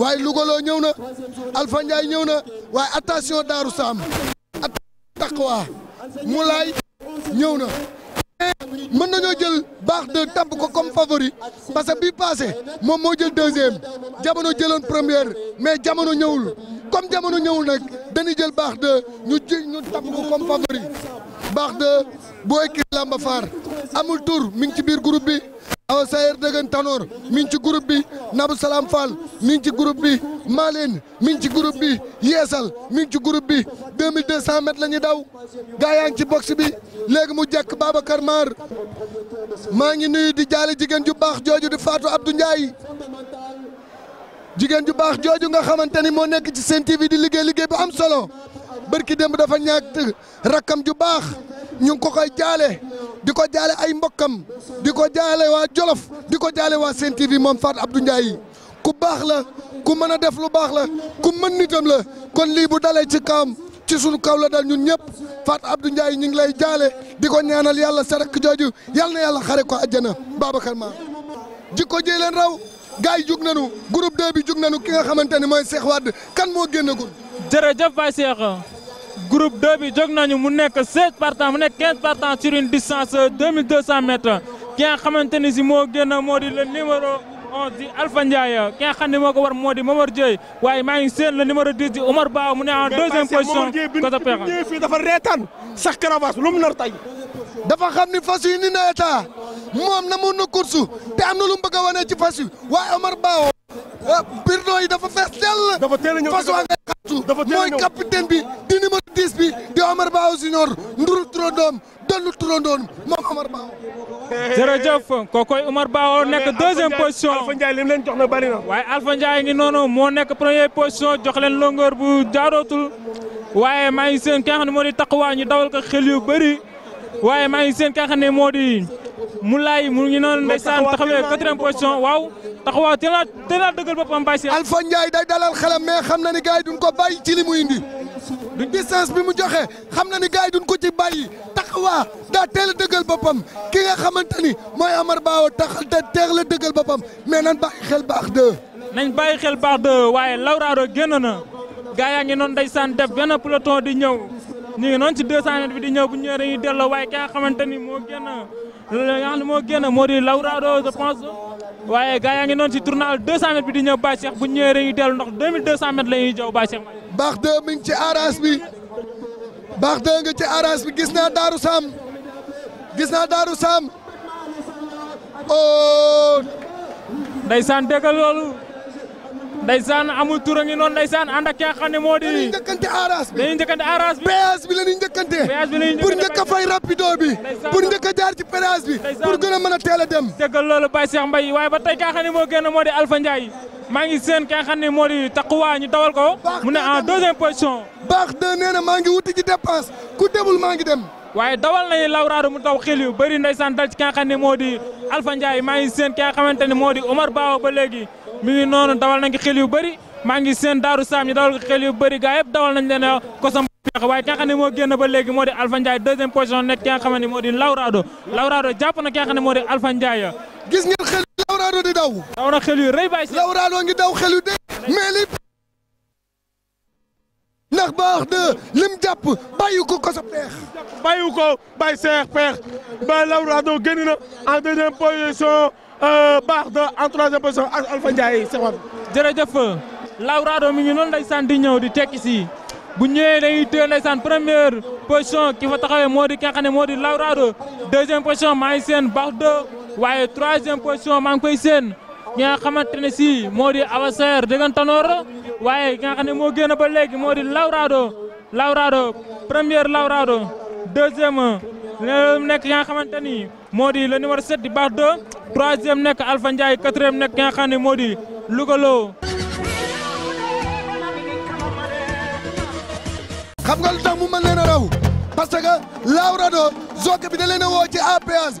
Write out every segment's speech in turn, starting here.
waaye Lougaloo ñëw na Alpha ñëw na waaye attention Daaru Saam at taqwa mu laay ñëw na mën nañoo jël baax de tàmp ko comme favori parce que bii passé moom moo jël deuxième jamono jëloon première mais jamono ñëwul comme jamono ñëwul nag dañuy jël baax de ñu ji ñu tàmp ko comme favori baax de boo écrit lamba faar amul tour mi ngi ci biir groupe bi aw sayer dengan tanor mi ci groupe bi nabu Salam Fall minci guru ci groupe bi malin minci guru ci groupe bi yesal minci guru bi 2200 mètres la daw gaa bi leg mu jekk Babacar Mar maa ngi di jali jigéen ju baax jooju di Fatou Abdou Ndiaye jigéen ju baax jooju nga xamante ni di liggéey liggéey bu am solo bërki dafa ñu ngi ko koy jaale di ko jaale ay mbokkam di ko jaale waa Jolof di ko jaale waa Sen TV moom Fatou Abdou Ndiaye ku baax la ku mën a def lu baax la ku mën nitam la kon lii bu dalee ci kawam ci sunu kaw la dal ñun ñëpp Fatou Abdou yi ñu ngi lay jaale di ko ñaanal yàlla sarak jooju yàlla na yàlla xare ko àjjana Babacar Ma jikko jëy leen raw gars yi jug nañu groupe 2 bi jug nañu ki nga xamante ni mooy Cheikh Wade kan moo génnagul. jërëjëf Baye Cheikh. groupe 2 bi jóg nañu mu nekk 16 partants mu nekk 15 partants sur une distance 2200 mètres ki nga xamante ni si moo génn moo di la numéro 11 di Alpha Ndiaye ki nga xam ne moo ko war moo di Momar Dieye waaye maa ngi seen le numéro 10 di Omar Ba mu ne en deuxième position. Kota Pexa dafa reetaan sax Caravage lu mu nar tey. dafa xam ni fas yi ni na état moom namoon na course te am na lu mu bëgg a wane ci fas yi waaye Omar Ba woo. Eh, birno yi dafa fees dell. dafa teel a mooy capitaine bi di numéro 10 bi di Omar Ba Junior nduru turandoom dollu turandoom moom Omar Ba. jërëjëf kookoy Omar Ba nekk deuxième position Alpha Ndiaye li mu leen jox na bari na. waaye Alpha Ndiaye ngi noonu moo nekk première position jox leen longueur bu jaarootul waaye maa ngi seen ki ne moo di taxawaa ñu dawal ka xel yu bëri waaye maa ngi seen ki ne moo di. mu laay mu ngi noonu ndeysaan taxawee quatrième position waaw taxawaaw te naa te naa dëggal boppam Baye Cheikh. Alpha Ndiaye day dalal xelam mais xam na ni gars yi duñ ko bàyyi ci li mu indi. du distance bi mu joxe xam na ni gars yi duñ ko ci bàyyi taxawaa daa teel a dëggal boppam ki nga xamante ni mooy Amar Baaw tax te teel a dëggal boppam mais nañ bàyyi xel baax de. nañ bàyyi xel baax de waaye Lawraado génn na gaa yaa ngi noonu ndeysaan def benn peloton di ñëw ñu ngi noonu ci 200 mètres bi di ñëw bu ñëwee dañuy waaye ki nga xamante ni moo génn. loolu nga xam ne moo génn moo di Laurado je pense waaye gars yaa ngi noonu si tournal 200 mètres bi di ñëw Baye Cheikh bu ñëwee dañuy dellu ndox 2200 mètres la ñuy jaw Baye Cheikh. baax dëgg mi ngi ci arras bi baax dëgg nga ci arras bi gis naa Darou Sam gis naa Darou Sam oh. ndeysaan déggal loolu. ndeysaan amul tur a ngi noonu ndeysaan ànd ak ki nga moo di dañuy njëkkante aras bi dañuy njëkkante aras bi péage bi la ñuy njëkkante pour njëkk a fay rapido bi pour njëkk a jaar bi pour gën a mën a teel a dem dëggal loolu Baye Cheikh Mbaye waaye ba tey ki nga xam ne moo génn moo di Alpha Ndiaye maa ngi seen ki nga ne moo di taquwaa ñu dawal ko mu ne en deuxième position baax de nee na maa ngi wuti ci dépense ku demul maa ngi dem waaye dawal nañu lawraado mu taw xel yu bëri ndeysaan dal ci ki nga moo di Alpha Ndiaye maa ngi seen ki nga xamante ne moo di Omar Baaw ba léegi mi ngi noonu dawal nañ ko xel yu bëri maa ngi seen Daaru Saam ñi dawal ko xel yu bëri gaa yëpp dawal nañ leen kosam waaye ki nga xam ne moo génn ba léegi moo di Alpha Ndiaye deuxième position nekk ki nga ne moo di lawraado lawraado jàpp na ki nga xam ne moo di Alpha Ndiaye gis ngeen xel lawraado di daw daw na xel yu rëy baay ngi daw xel ndax baax de lim jàpp bàyyi ko ko sa peex. bàyyi ko bàyyi seex peex ba Laurado génn na en deuxième position euh, baax de en troisième position ak Alpha Ndiaye Seck. jërëjëf Laurado mi ngi noonu ndeysaan di ñëw di tekki si bu ñëwee dañuy téye ndeysaan première position ki fa taxawee moo di ki moo di Laurado deuxième position maa ngi seen baax de waaye troisième position maa ngi koy seen ñi nga xamante ne si moo di Awa Seer waaye ki nga moo génn ba léegi moo di Laurado Laurado première Laurado deuxième nekk ki nga xamante ni moo di le numéro 7 di baax 2 troisième nekk Alpha Ndiaye quatrième nekk ki nga ne moo di Lugalo. xam nga lu tax mu mën leen raw parce que Laurado zokk bi da leen woo ci APS.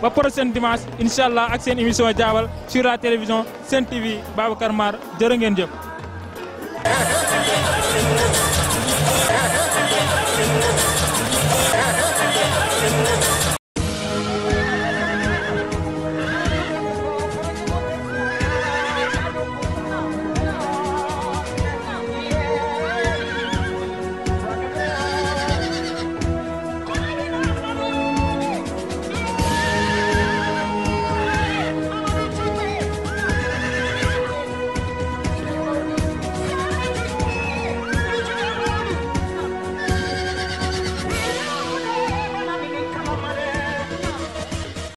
ba seen dimanche incha allah ak seen émission jaabal sur la télévision Sen TV Babacar Mar jërë ngeen jëf.